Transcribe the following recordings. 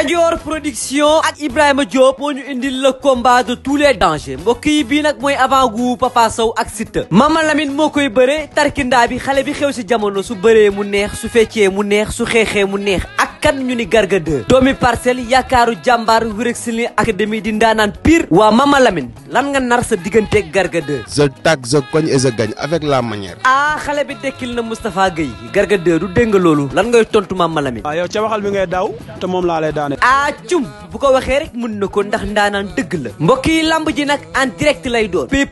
Kajoor production ak Ibrahima Diop moo ñu indil le combat de tous les dangers mbokk yi bii nag mooy avant gu Papa Sow ak Siteu Mama Lamine moo koy bëree tarkindaa bi xale bi xew si jamono su bëree mu neex su feccee mu neex su xeexee mu neex kan ñu ni Garga 2 doomi parcelle yaakaaru jàmbaar Wrestling Academy di ndaanaan pire waa Mama Lamine lan nga nar sa digganteeg Garga 2 je tag je cogne et je gagne avec la manière ah xale bi dekkil na Moustapha Gueye Garga 2 du dégg loolu lan ngay tontu Mama Lamine waaw ah, yow ca waxal bi ngay daw te moom laa lay daane ah cum bu ko waxee rek mën na ko ndax ndaanaan dëgg la mbokk yi lamb ji nag en direct lay doon pay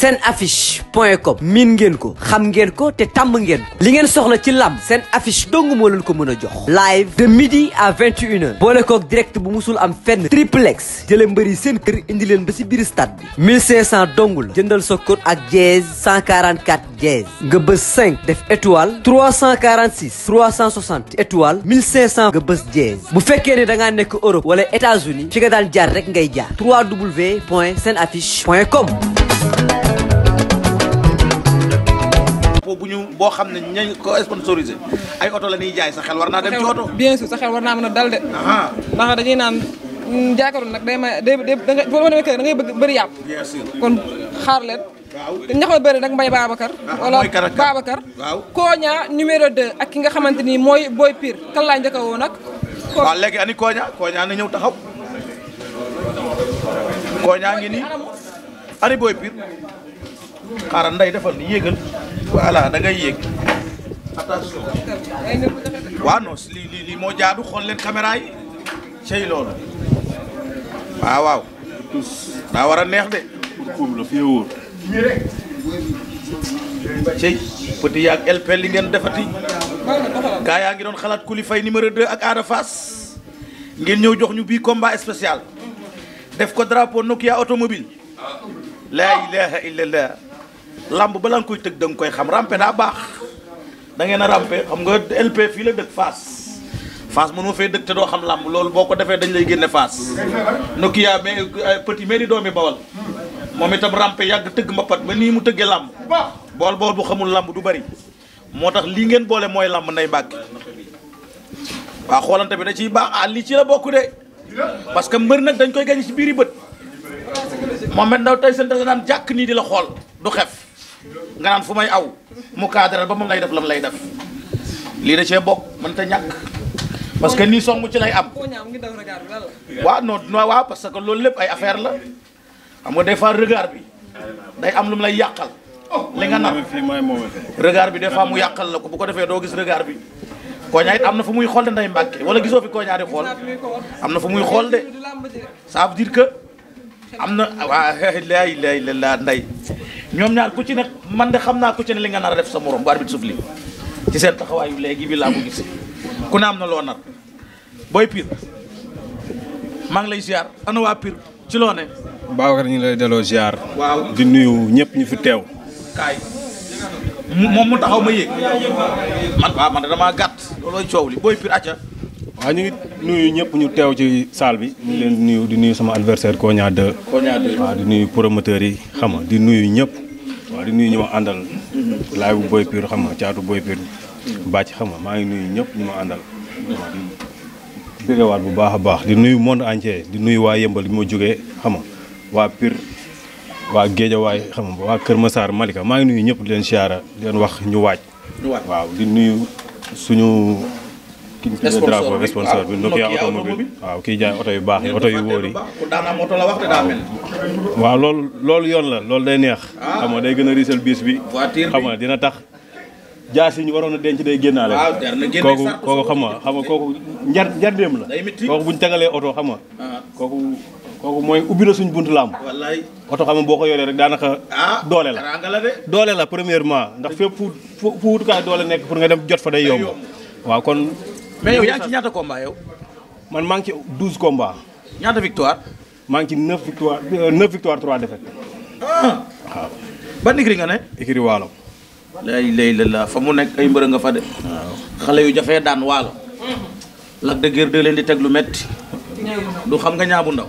seen affiche point com miin ngeen ko xam ngeen ko te tàmm ngeen li ngeen soxla ci lamb seen affiche dong moo leen ko mën a jox live live de midi à 21h boole kook direct bu musul am fenn triplex jële mbëri seen kër indi leen ba si biir stade bi 1500 dong la jëndal sa code ak dièse 144 dièse nga bës 5 def étoile 346 360 étoile 1500 nga bës dièse bu fekkee ne da ngaa nekk Europe wala États-Unis fi nga daan jaar rek ngay jaar www point senaffiche point com drapeau bu ñu boo xam ne ñañ ko sponsorisé ay oto la ñuy jaay sa xel war naa dem ci bien sûr sa xel war naa mën a dal de. ndax dañuy naan mm, jaakaroon nag day may day day dangay bëgg bëri yàpp. bien kon xaar leen. waaw te mbay Babacar. Ah, wala Babacar. waaw Koña numéro 2 ak ki nga xamante ni mooy Boy Pire kan laa njëkk a woo ani Koña Koña na ñëw taxaw. Koña ngi nii ani Boy Pire xaaral nday defal ni yéegal. voilà da ngay yéeg attention waaw non lii lii moo jaadu xool leen caméra yi cey loolu waaw waaw daa war a neex de kuum la fii wóor cey li ngeen defati gaa yaa ngi doon xalaat Coly Faye numéro 2 ak Ada Fass ngeen ñëw jox ñu bii combat spécial def ko drapeau Nokia automobile la ilaha illallah làmb balaa nga koy tëg da koy xam rampe daa baax da ngeen a rampe xam nga LP fii la dëkk Fass Fass mënoo fee dëkk te doo xam làmb loolu boo ko defee dañ lay génne Fass Nokia mais petit mais di doomi bawal moom itam rampe yàgg tëgg ma pat ba nii mu tëggee làmb bool bool bu xamul làmb du bari moo tax lii ngeen boole mooy làmb nay mbàkke waa xoolante bi da ciy baax ah lii ci la bokk de parce que mbër nag dañ koy gañ ci biiri bët moom it ndaw tey seen da naan jàkk nii di la xool du xef nga naan fu may aw mu kaadaral ba moom lay def lam lay def lii da cee bokk mën ta ñàkk parce que nii song ci lay am waaw non waa waaw parce que loolu lépp ay affaire la xam nga des fois regard bi day am lu mu lay yàqal li nga nar regard bi des fois mu yàqal la ko bu ko defee doo gis regard bi koña it am na fu muy xool de nday mbàkke wala gisoo fi koña di xool am na fu muy xool de ça veut que am na waa laa la illallaah nday ñoom ñaar ku ci ne man de xam naa ku ci ne li nga nar a def sa morom bu arbitre suuf lii ci seen taxawaayu léegi bi laa ko gis ku ne am na loo nar booy Pire maa ngi lay ziar ana waa Pire ci loo ne. Babacar ñu ngi delloo ziar. waaw di nuyu ñëpp ñu fi teew. moom mu ma yéeg man waaw man li booy Pire acca. waaw ngi nuyu ñëpp ñu teew ci salle bi. ñu leen di nuyu di nuyu sama adversaire Kogna 2. Kogna 2 waaw di nuyu promoteurs yi xam nga di nuyu ñëpp. di nuyu ñu ma àndal. laay bu boy pur xam nga caatu boy pur bàcc xam nga maa ngi nuy ñëpp ñu ma àndal. di bëggewaat bu baax a baax di nuyu monde entier di nuyu waa yëmbal bi ma jógee xam waa pur waa Géejawaay xam nga waa Kër Massar Malika maa ngi nuyu ñëpp leen siyaara di leen wax ñu waaj. waaw di nuyu suñu. ki ñu tuddee drapeau sponsor bi ah, Nokia automobile waaw kii jaay oto yu baax yi oto yu wóor yi waaw loolu loolu yoon la loolu day neex ah. xam nga day gën a riisal biis bi xam nga dina tax jaas yi ñu waroon a denc day génnaale kooku kooku xam nga xam nga kooku njar njardeem la kooku bu ñu tegalee oto xam nga ah. kooku kooku mooy ubbi na suñ buntu laam oto xam nga boo ko yoree rek daanaka doole la doole la premièrement ndax fépp fu fu wutukaay doole nekk pour nga dem jot fa day yomb waaw kon mais yow yaa ngi ci ñaata combat yow. man maa ngi ci douze combat ñaata victoire. maa ngi ci neuf victoire euh, neuf victoire trois défaites. Ah! waaw. ban écurie nga ne. écurie waalo. lay lay la fa mu nekk ay mbërë nga fa de. waaw xale yu jafee daan waalo. Mm-hmm. Lac de Guiers leen di teg lu metti du xam nga ñaabu ndaw.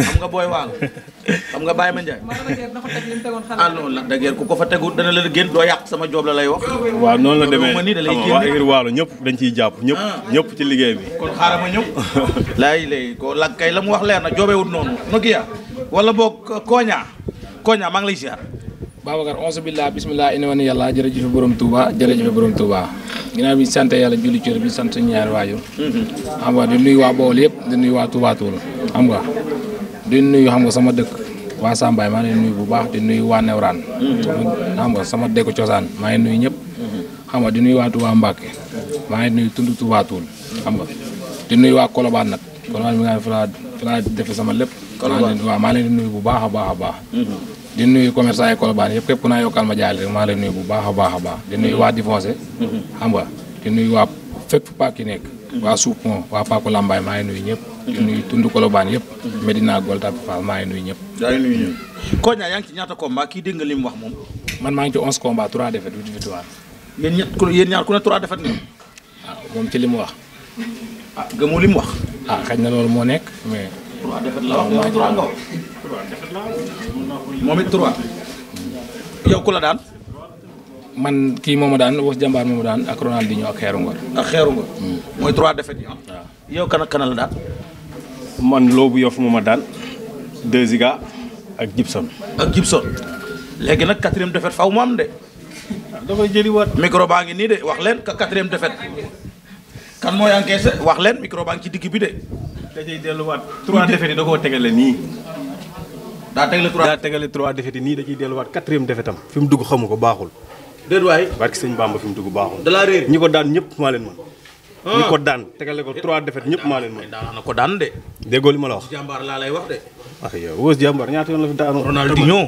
xam nga booy waalo xam nga Baye Mandiaye. ah non la dageer ku ko fa tegu dana la génn doo yàq sama joob la lay wax. waaw noonu la demee xam nga waa ngir waalo ñëpp dañ ciy jàpp ñëpp ah. ñëpp ci liggéey bi. kon xaaral ma lak la mu wax leer na joobewut noonu. Nokia wala boog Koña maa ngi lay ziar. Babacar onze billah bismillah ina wa ni yàlla jërëjëfe borom Touba jërëjëfe sant yàlla julli bi sant ñaari waajur mhm. xam nga di waa yëpp di nuyu waa Touba Toul xam di nuyu xam nga sama dëkk waa Sambaay maa ngi nuyu bu baax di nuyu waa Newraan xam nga sama dëkk cosaan maa ngi nuyu ñëpp xam nga di nuyu waa Touba maa ngi nuyu tund Touba Toul xam nuyu waa Colobane nag Colobane mi nga xam ne fi sama lépp waaw maa leen nuyu bu baax a baax a baax di nuyu commerçant mm-hmm. yi Colobane yëpp képp ku naa yokkal ma jaay rek maa leen nuyu bu baax a baax a baax di nuyu waa Difoncé mm-hmm. xam nga di nuyu waa fépp pàkk nekk waa Soupon waa Fako Lambaay maa ngi nuyu ñëpp. di nuyu Tundu Kolobaan yëpp. Medina Gueule Tapée maa ngi nuyu ñëpp. yaa ngi nuyu ñëpp. Konia yaa ngi ci ñaata combat kii dégg nga li wax moom. man maa ngi ci 11 combats 3 défaites 8 victoires. yéen ñett ñaar ku ne 3 défaites ngeen. Ah, moom ci li mu wax. ah gëmoo li mu wax. ah xëy na loolu moo nekk mais. 3 défaites la wax 3 nga wax. la wax. moom it 3. yow ku la daan. man kii moom a daan wax jàmbaar moom a daan ak Ronaldinho ak xeeru ngor. ak xeeru ngor. Mm. mooy trois défaites yi am. waaw yow kan ak kan man loobu yof moom a daan. deux ziga ak Gibson. ak Gibson léegi nag quatrième défaite faw mu am de. da koy micro baa ngi nii de wax leen ka quatrième défaite. kan mooy encaissé wax leen micro baa ngi ci dikk bi de. dajay delluwaat trois défaites yi da koo tegale nii. daa tegale trois daa tegale trois défaites yi nii da ciy delluwaat quatrième défaite am. fi mu dugg xamu ko baaxul. déet waay barki sëñ Bamba fi mu dugg baaxul. da ñi ko daan ñëpp maa leen mën. Ah. ñi ko daan ko trois defet ñëpp maa leen mën. daan na ko daan de. déggoo li ma la wax. jàmbaar laa lay wax de. wax ah, yow Weuz jàmbaar ñaata yoon la fi daanoo. Ronaldinho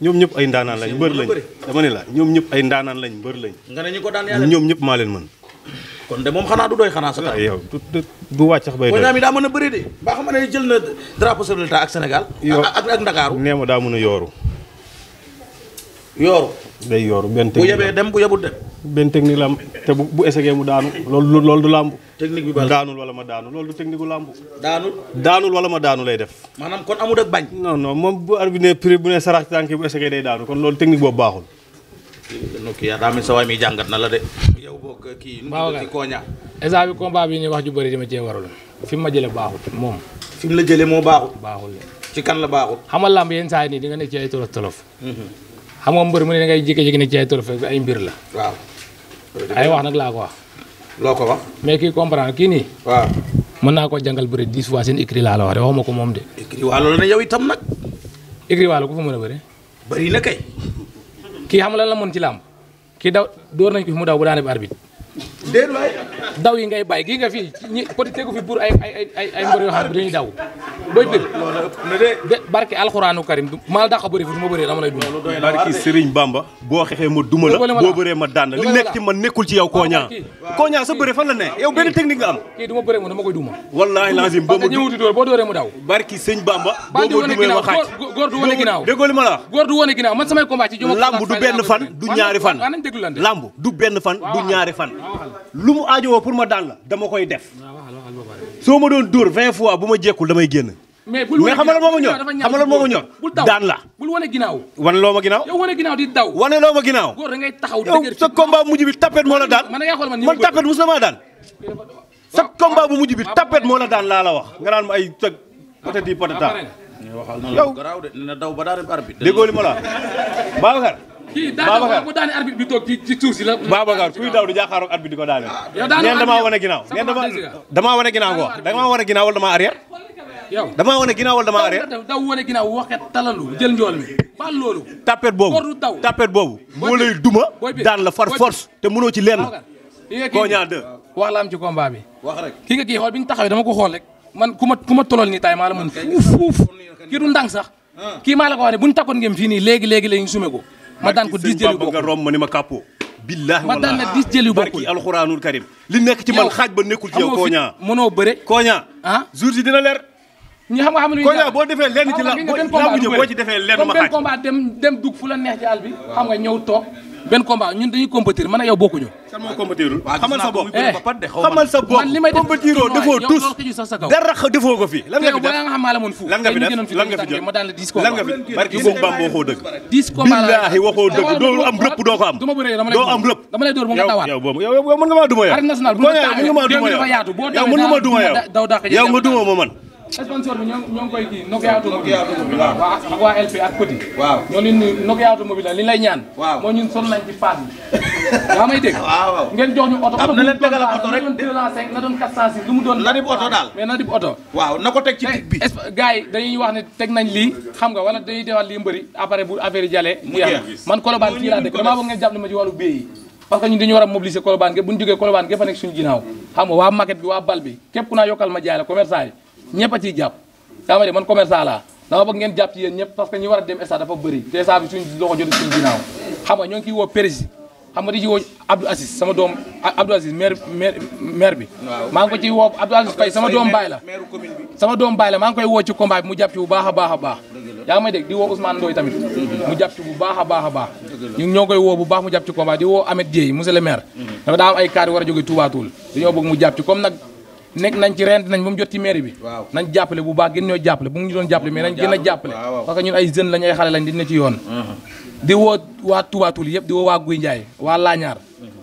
ñoom ñëpp ay ndaanaan lañ mbër lañ dama ne la ñoom ñëpp ay ndaanaan lañ mbër lañ. ko daan ñoom ñëpp maa leen mën. kon de moom xanaa du doy xanaa sa taal. Ah, yow du du wàcc sax bay doy. booy daa mën a bëri de. baa xam ne jël na drapeau ak Sénégal. ak ak Ndakaaru nee ma daa mën a yooru yooru day yooru benn technique bu dem bu yebut dem. benn technique la te bu bu essayé mu daanu loolu loolu du làmb. technique bi daanul wala ma daanu loolu du technique bu làmb. daanul daanul wala ma daanu lay def. maanaam kon amul ak bañ. non non moom bu arbitre ne prix bu ne sarax tànk bu essayé day daanu kon loolu technique boobu baaxul. ok yaa daa mel sa waay jàngat na la de. yow boog kii. waaw waaw kooña. instant bi combat bi ñuy wax ju bëri dama jee warul fi mu ma jëlee baaxul moom. fi mu la jëlee moo baaxul. baaxul ci kan la baaxul. xamal lamb yenn saa yi nii di nga nekk ci ay tolof tolof. Mhm. xam nga mbër mu ne da ngay jékki-jékki ne ci ay trophée bi ay mbir la. waaw. ay wax nag laa ko wax. loo ko wax. mais kii comprendre kii nii. waaw. mën naa koo jangal bëri dix fois seen écrit laa la wax de waxuma ko moom de. écrit waalo la na yow itam nag. écrit waalo ku fa mën a bëre. bëri na kay. kii xam lan la moon ci làmb kii daw door nañ ko fi mu daw bu daane bi arbitre déet waay daw yi ngay bàyyi gi nga fii ñi Petit tegu fi pour ay ay ay ay mbër yoo xam ne dañuy daw. doy dëgg alxuraanu karim maal dàqa bëri fu ma bëree dama lay duma. loolu barki ma duma la boo bëree ma daan li nekk ci man nekkul ci yow Koña. Koña sa bëri fan la ne yow benn technique nga am. kii du ma bëree mu dama koy duma. wallaahi lazim ma du lamb du benn fan du ñaari fan lamb du benn fan du ñaari fan lu mu aajowoo pour ma daan la dama koy def ah, soo ma doon dóor vingt fois bu ma jekkul damay génn mais xam nga lan moo ma ñor xam nga lan moo ma ñor daan la bul wane ginnaaw wane loo ma ginnaaw yow wane ginnaaw di daw wane loo ma ginnaaw ngay taxaw yow sa combat mujj bi tapet moo la daan ma tapet mos na maa daan sa combat bu mujj bi tapet moo la daan laa la wax nga naan ma ay tëg patati patata yow déggoo li ma la Babacar kii daanaka bu daane arbitre bi toog ci ci suuf si kuy daw di jàkkaaroog arbitre di ko daane. Ah, yow daanaka damaa wane ginnaaw ngeen damaa damaa wane ginnaaw nga wax damaa wane ginnaaw wala damaa arrière. yow damaa wane ginnaaw wala damaa arrière. daw wane ginnaaw waxet talalu jël njool mi baal boobu tapet boobu. moo duma daan la far force te mënoo ci lenn. koo ñaar deux. wax la am ci combat bi. wax rek ki nga kii xool bi ñu taxawee dama man ku ma ku ma tolol nii tay maa la fuuf fuuf kii du ndànk sax ah. kii maa la ko wax ne bu ñu takkoon ngeen fii nii léegi sume ko ma daan ko dix jëli bokkul nga romb ma ni ma kàppoo billaahi ma daan na dix jëli bokkul barki karim li nekk ci man xaaj ba nekkul ci yow kooñaa mënoo bëre kooñaa ah jour si dina leer ñu xam nga xam ne kooñaa boo defee lenn ci la boo ci defee lenn ma xaaj combat dem dem dugg fu la neex jaal bi xam nga ñëw toog benn combat ñun dañuy compétir man ak yow bokkuñu. kan moo compétirul xamal sa bopp xamal sa bopp man li may def compétiroo defoo tous dara defoo ko fi. lan nga fi def nga xam maa la mën fuuf lan nga fi def lan nga fi jël ma daan la dix combat lan nga fi def barki Sëñ Bamba waxoo dëgg. dix combat billaahi waxoo dëgg doo am rëpp doo ko am. doo am rëpp dama lay dóor mu nga tawaat yow yow mën nga maa duma yow. arène nationale bu ma taa yow mën nga maa duma yow yow mën nga maa duma yow yow nga duma ma man sponsor bi ñoo ñoo ngi koy kii Nokia automobile waaw ak waa la li lay ñaan waaw moo ñun sonn nañ ci paas bi yaa may dégg ngeen jox ñu oto oto na leen tegal oto rek na doon 205 na doon 406 lu mu doon na dib oto daal na dib na ko teg ci bi gars ngeen jàpp ma ci wàllu béy parce que ñun dañu war a mobiliser Colobane gépp a nekk suñu ginnaaw xam nga waa maquette bi waa bal bi képp ku naa yokkal ma jaay la commerçant yi ñëpp a ciy jàpp ma de man commerçant laa dama bëgg ngeen jàpp ci yéen ñëpp parce que ñu war a dem stade te stade bi suñ loxo jotu suñ woo prési xam nga di ci woo Abdou Aziz sama doom Abdou Aziz maire bi maa ko ciy woo Abdou Aziz Faye sama doom baay la sama doom baay la maa koy woo ci combat mu jàpp ci bu baax a baax a baax yaa ngi may di woo Ousmane Ndoye tamit mu jàpp ci bu baax a baax a baax ñu ñoo woo bu baax mu jàpp ci combat di woo Ahmed Dieye a jóge nekk nañ ci rent nañ ba mu jot ci mairie bi nañ jàppale bu baax gën ñoo jàppale bu ñu doon jàppale mais nañ gën a jàppale parce que ñun ay jeunes lañ ay xale lañ dina ci yoon uh-huh. di woo waa Touba Toul yëpp di wo waa Guy Ndiaye waa Laañaar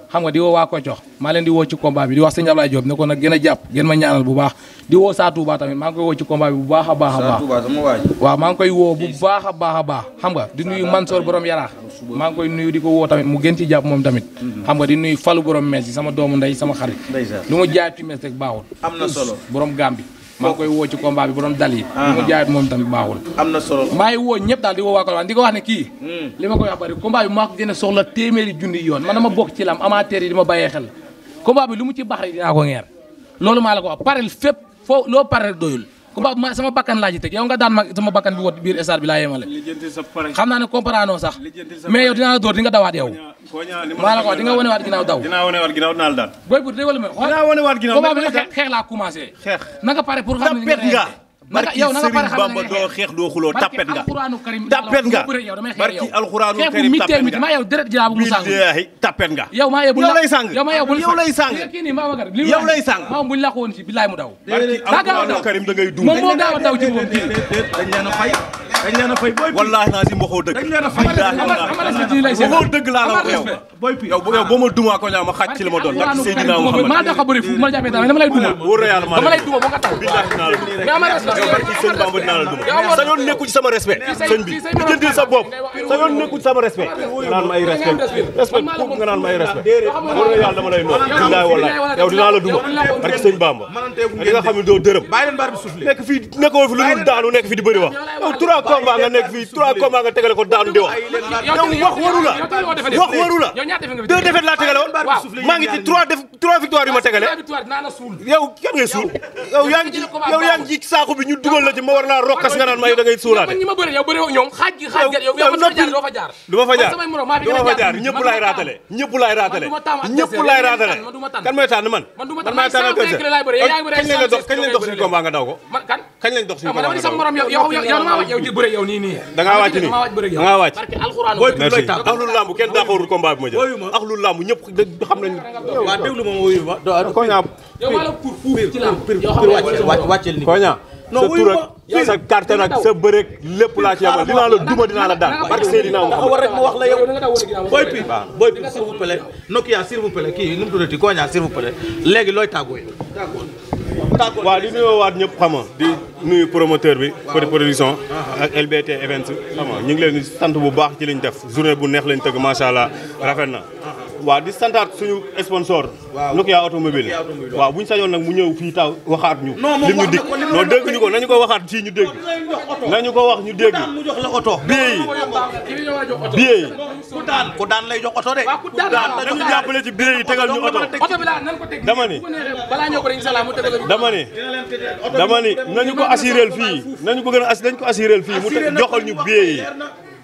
xam nga di woo waa Koccox maa leen di woo ci combat bi di wax sëñ Ablaye Diop ne ko nag gën a jàpp gën ma ñaanal bu baax di woo Saa Touba tamit maa ngi koy woo ci combat bi bu baax a baax a baax waaw maa ngi koy woo bu baax a baax a baax xam nga di nuyu Mansour borom yaraax maa ngi koy nuyu di ko woo tamit mu gën ci jàpp moom tamit xam ga di nuyu Fallou borom mees yi sama doomu ndey sama xarit lu mu jaay ci mees rek baaxul am na solo borom Gambie maa moo koy woo ci combat bi borom dal yi ah. mu jaayit moom tamit baaxul am na solo maa ngi woo ñëpp daal di woo waa Colobane di ko wax ne kii hmm. li ma koy wax bari combat bi maa ko a soxla téeméeri junni yoon man dama bokk ci lam amateur yi di ma bàyyee xel combat bi lu mu ci baax rek dinaa ko ngeer loolu maa la ko wax parel fépp foo loo parel doyul combat bi ma sama bakkan laa ci teg yow nga daan sama bakkan wot biir stade bi yemale xam naa ne comprendre sax mais dinaa la dóor di nga dawaat ko di nga wane ginaaw daw dinaa wane waat ginaaw dinaa la daan booy bur day wala ma dinaa wane waat ginaaw na nga pare pour barki Serigne Bamba doo xeex doo xuloo tapet nga tapet nga barki alxuraanu karim tapet nga billaahi tapet nga yow lay sàng yow lay sàng yow lay sàng maam buñ la ko woon ci billaahi mu daw barki alxuraanu karim da ngay duum moom moo gaaw a daw ci moom dañ leen a fay dañ leen a fay booy wallaahi naa si mboxoo dëgg dañ leen a fay mboxoo dëgg laa la wax yow booy pi yow boo ma dumaa ko ñaaw ma xàcc ci li ma doon barki Seydina Muhammad maa dafa bëri fu ma jàppee dama lay duma dama lay duma ba nga taw yow barki sëñ Bamba dinaa la duma sa yoon nekku ci sama respect sëñ bi di jëndil sa bopp sa yoon nekku ci sama respect nga naan ma ay respect respect ku nga naan ma ay respect wóor na yàlla dama lay noonu billaay wallaay yow dinaa la duma barki sëñ Bamba li nga xam ne doo dërëm nekk fii nekkoo fi lu dul daanu nekk fi di bëri wax yow trois combats nga nekk fii trois combats nga tegale ko daanu di wax yow wax waru la wax waru la deux défaites laa tegale woon maa ngi ci trois trois victoires yu ma tegale yow kan ngay suul yow yaa ngi ci yow yaa ngi ci saako bi ñu dugal la ma war rokkas nga ma bëri yow bëri ñoom du ma fa jaar du ma fa jaar ñëpp laay raatale ñëpp laay raatale ñëpp laay kan mooy tànn man man maay tànn ak kañ kañ lañ dox suñu combat daw ko kañ lañ dox suñu combat daw ko yow yow yow ma wàcc yow di bëri yow nii nii da ngaa ko ñaa yow wala pour ni ko non sa tur ak sa carte nag sa bërëg lépp laa ci yemal dinaa la duma dinaa la daan barke Seydina Muhammad war rek ma wax la yow boy pi boy pi s'il vous plaît Nokia s'il vous plaît mu tuddati léegi looy tàggoo waaw di nuyoo waat ñëpp xama di nuyu promoteur bi côté production uh-huh. ak LBT Events ñu ngi leen di bu baax ci lañ def journée bu neex lañ tëgg macha allah rafet na uh-huh. waaw di santaat suñu sponsor. waaw Nokia automobile waaw bu ñu sañoon nag mu ñëw fii taw waxaat ñu. lim ñu dikk non dégg ñu ko nañu ko ñu dégg. nañu ko wax ñu dégg. billet yi billet yi. ku daan lay jox oto de. ku daan nañu jàppale ci billet yi tegal ñu oto. dama ni dama ni dama ni nañu ko assuré fii nañu ko gën a assuré nañu ko assuré fii mu joxal ñu billet yi.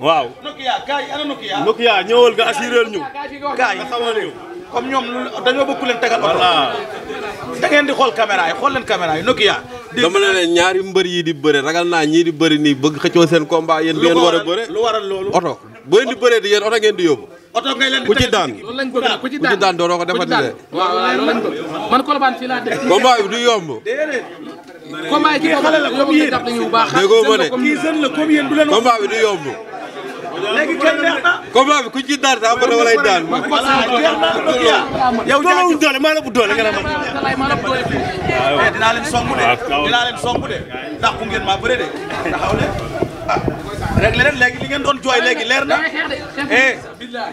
waaw Nokia kaay ana Nokia. Nokia ñëwal nga assuré ñu. kaay nga xamal comme ñoom dañoo bëgg leen tegal oto. da ngeen di xool caméra yi xool leen caméra yi Nokia. dama ne leen ñaari mbër yii di bëre ragal naa ñii di bëri nii bëgg xëccoo seen combat yéen. lu war a bëre lu waral loolu oto. bu ngeen di bëree di yéen oto ngeen di yóbbu. oto ngay leen ku ci daan ku ci daan doo ko defati de. waaw waaw loolu ko man Colobane fii laa dëkk. combat bi du yomb. déedéet. combat yi bi du yomb. léegi kenn neex na. combat bi ku ci daan sax man dama lay daan. voilà neex na ak Nokia. yow jaajëf doole maa la bu doole nga ne man. maa la bu doole fii. mais eh, dinaa leen song de. dinaa leen song de. dàqu ngeen maa bëre de. taxaw leen ah. rek leneen léegi li ngeen doon jooy léegi leer na. eh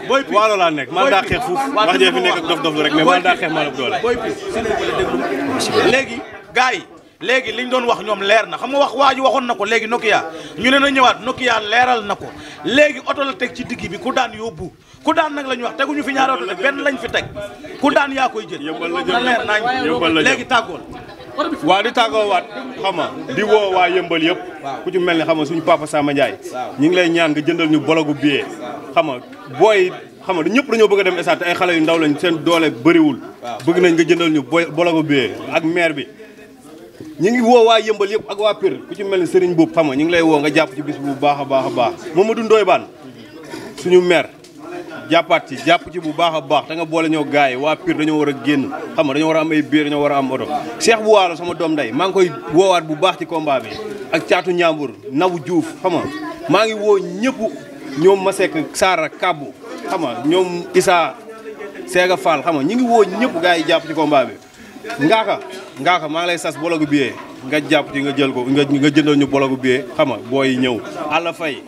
booy pi waalo laa nekk maa daa xeex fuuf. wax jee fi nekk ak dof dof rek mais maa daa xeex maa la bu doole. booy pi léegi gars yi léegi liñ doon wax ñoom leer na xam nga wax waa ji waxoon na ko léegi Nokia ñu ne na ñëwaat Nokia leeral na ko léegi oto la teg ci digg bi ku daan yóbbu ku daan nag la ñuy wax teguñu fi ñaari oto de benn lañu fi teg ku daan yaa koy jël. na leer nañ léegi tàggool. waa di tàggoo waat xam di woo waa yëmbal yëpp ku ci mel ne xam nga suñu papa Sama Ndiaye ñu ngi lay ñaan nga jëndal ñu bologu billet xam nga booy xam nga ñëpp dañoo bëgg dem stade te ay xale yu ndaw lañ seen doole bëriwul bëgg nañ nga jëndal ñu bologu billet ak maire bi ñu ngi woo waa yëmbal yëpp ak waa Pire ku ci mel ni Serigne Boub xam nga ñu ngi lay woo nga jàpp ci bis bu baax a baax a baax Mamadou Ndoye suñu maire jàppaat ci jàpp ci bu baax a baax da nga boole ñoo gars yi waa Pire dañoo war a génn xam nga dañoo war a am ay biir dañoo war a am oto Cheikh bu waalo sama doom day maa koy woowaat bu baax ci combat bi ak caatu ñaambur nabu Diouf xam nga maa ngi woo ñëpp ñoom Masek Saara Kabbu xam nga ñoom Issa Sega Fall xam nga ñu ngi woo ñëpp gars yi jàpp ci combat bi ngaaka ngaa ko maa ngi lay sas bologu billet nga jàpp ci nga jël ko nga nga jëndal ñu bologu billet xam nga booy ñëw àlla fay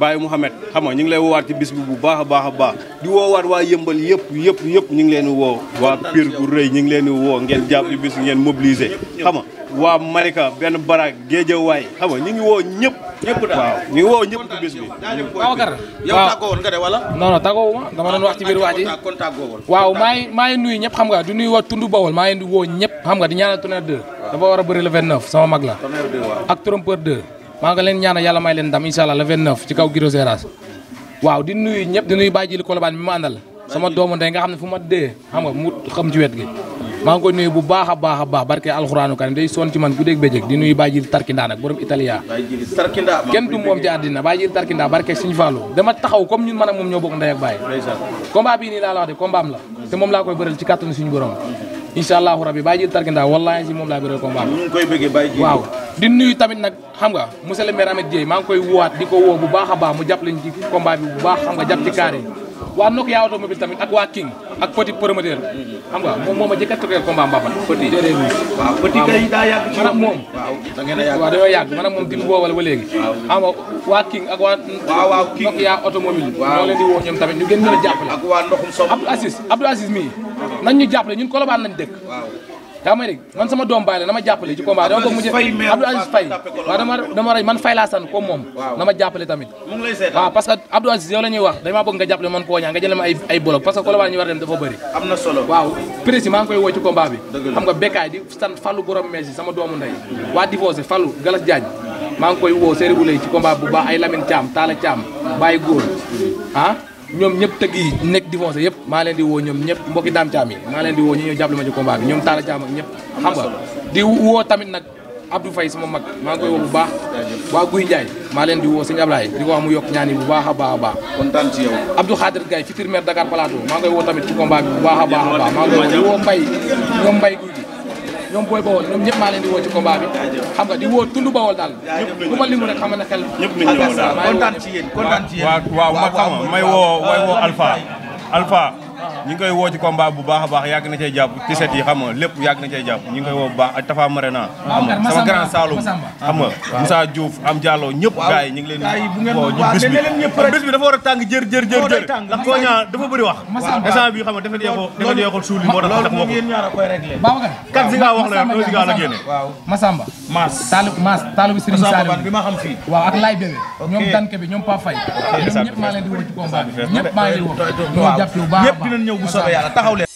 Baye Mouhamed xam nga ñu ngi lay woowaat ci bis bi bu baax a baax a baax di woowaat waa yëmbal yëpp yëpp yëpp ñu ngi leen di woo waa Pire gu rëy ñu ngi leen di woo ngeen jàpp ci bis ngeen mobiliser xam nga waa Malika benn barak géejawaay waay nga ñu ngi woo ñëpp. ñëpp daal waaw ñu ngi woo ñëpp ci bis bi. Babacar yow tàggoo woon nga de wala. non non dama doon wax ci biir wax ji waaw maa ngi maa ngi nuyu ñëpp xam nga du nuyu waa tund Bawol maa ngi woo ñëpp. xam nga di ñaanal Tonnerre 2. dafa war a bëri le 29 sama mag la. ak Trompeur 2. maa ngi leen ñaanal yàlla may leen ndam incha allah le 29 ci kaw Giro Seras. waaw di nuyu ñëpp di nuyu Baye Jili Kolobaan bi ma àndal sama doomu ndey nga xam ne fu ma dee xam nga mu xam ci wet gi maa ngi koy nuyu bu baax a baax a baax barke alxuraanu kan day sonn ci man guddeeg bëccëg di nuyu Bajil Tarkinda nag borom Italia kenn du moom ci moom ñoo tamit nag xam nga monsieur le maire Ahmed maa ngi koy woowaat di ko woo bu baax a baax mu jàpp ci combat bi bu baax xam nga jàpp ci kaar waa Nokia automobile tamit ak waa King ak petit promoteur xam nga moom moo ma jëkk a tëgal combat Mbapane. petit déedéet waaw daa yàgg ci moom waaw da ngeen a yàgg moom di boobal ba léegi. waaw xam nga waa King ak waa. waaw waaw King Nokia automobile. waaw ñoo leen di woo ñoom tamit ñu gën leen a jàppale. ak waa Ndoxum Sow Abdou ñu jàppale ñun Colobane nañ dëkk. yaa may dégg man sama doom baay la na ma jàppale ci combat dama ko mujj Abdou Aziz Faye waaw dama dama rey man Faye san comme moom na ma jàppale tamit waaw parce Aziz yow la ñuy wax damaa bëgg nga jàppale man kooñaa nga jëlal ay ay bolok parce que Colobane ñu a dem dafa bëri am waaw précis maa ngi koy woo ci combat bi xam nga bekkaay di sant Fallou borom mees sama doomu ndey waa divorcé Fallou Galas Diagne maa ngi koy woo Serigne Bouleye ci combat bu baax ay Lamine Thiam ñoom ñëpp tëgg yi nekk divorcé yëpp maa leen di woo ñoom ñëpp mbokki daam caam yi maa leen di woo ñu ñëw jàppale ma ci combat bi ñoom taala caam ak ñëpp nga di woo tamit nag Abdou fay sama mag maa ngi koy woo bu baax waa Guy Ndiaye maa leen di woo sëñ Ablaye di ko wax mu yokk ñaan yi bu baax a baax a baax kontaan ci yow Abdou Khadir Gaye futur maire Dakar maa ngi woo tamit ci combat bi bu baax a baax a baax maa ngi koy woo Mbaye ñoom Mbaye Guy ñoom booy bawol ñoom ñëpp maa leen di woo ci combat bi xam nga di woo tund bawol daal bu ma limu rek xam na xel kontaan ci yéen kontaan ci yéen waaw ma xam may woo may woo alpha ñi ngi koy woo ci combat bu baax a baax yàgg na cee jàpp tiset yi xam nga lépp yàgg na cee jàpp ñi ngi koy woo bu baax ak Tafa Marena xam nga sama grand Saloum xam nga Moussa Diouf am Diallo ñëpp gars yi ñu ngi leen ñu bis bi dafa war a tàng jër jër jër jër ndax koo ñaa dafa bëri wax instant bi xam nga dafa yeexoo dafa yeexoo suuli moo tax tax moo ko kat si ngaa wax la loolu si ngaa la génne waaw Massamba Mass Talib Mass Talib Serigne Saliou bi ma xam fii waaw ak Laye Bébé ñoom Danke bi ñoom Pa Faye ñëpp maa leen di woo ci combat bi ñëpp maa leen di woo ñoo jàpp bu baax ñëw bu soobee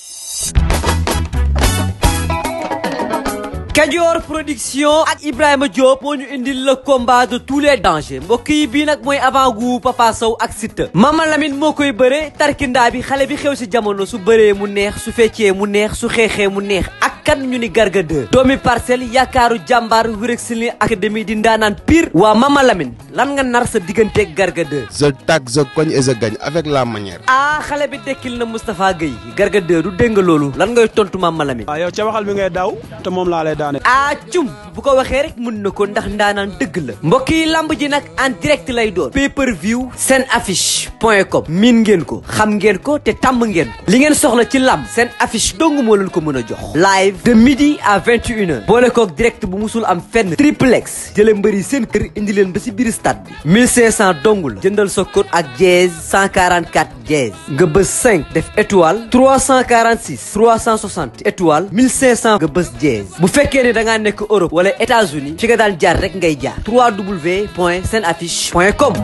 Kajoor production ak Ibrahima Diop moo ñu indil le combat de tous les dangers mbokk yi bii nag mooy avant gu Papa Sow ak Siteu Mama Lamine moo koy bëre tarkindaa bi xale bi xew si jamono su bëree mu neex su feccee mu neex su xeexee mu neex kan ñu ni Garga 2 doomi parcelle yaakaaru jàmbaar Wrestling Academy di ndaanaan pire waa Mama Lamine lan nga nar sa digganteeg Garga 2 je tag je cogne et je avec la manière ah xale bi dekkil na Moustapha Gueye Garga 2 du dégg loolu lan ngay tontu Mama Lamine waaw ah, yow ca waxal bi ngay daw te moom laa lay daane ah cum bu ko waxee rek mun na ko ndax ndaanaan dëgg la mbokk yi lamb ji nag en direct lay doon pay per view seen affiche point com mi ngeen ko xam ngeen ko te ngeen li ngeen soxla ci lamb seen affiche dong moo ko mën a jox live de midi à 21h boole koog direct bu musul am fenn triplex jële mbëri seen kër indi leen ba ci biir stade bi 1500 dong la jëndal sa code ak dièse 144 dièse nga bës 5 def étoile 346 360 étoile 1500 nga bës dièse bu fekkee ne da ngaa nekk Europe wala États-Unis fi nga daan jaar rek ngay jaar www.senaffiche.com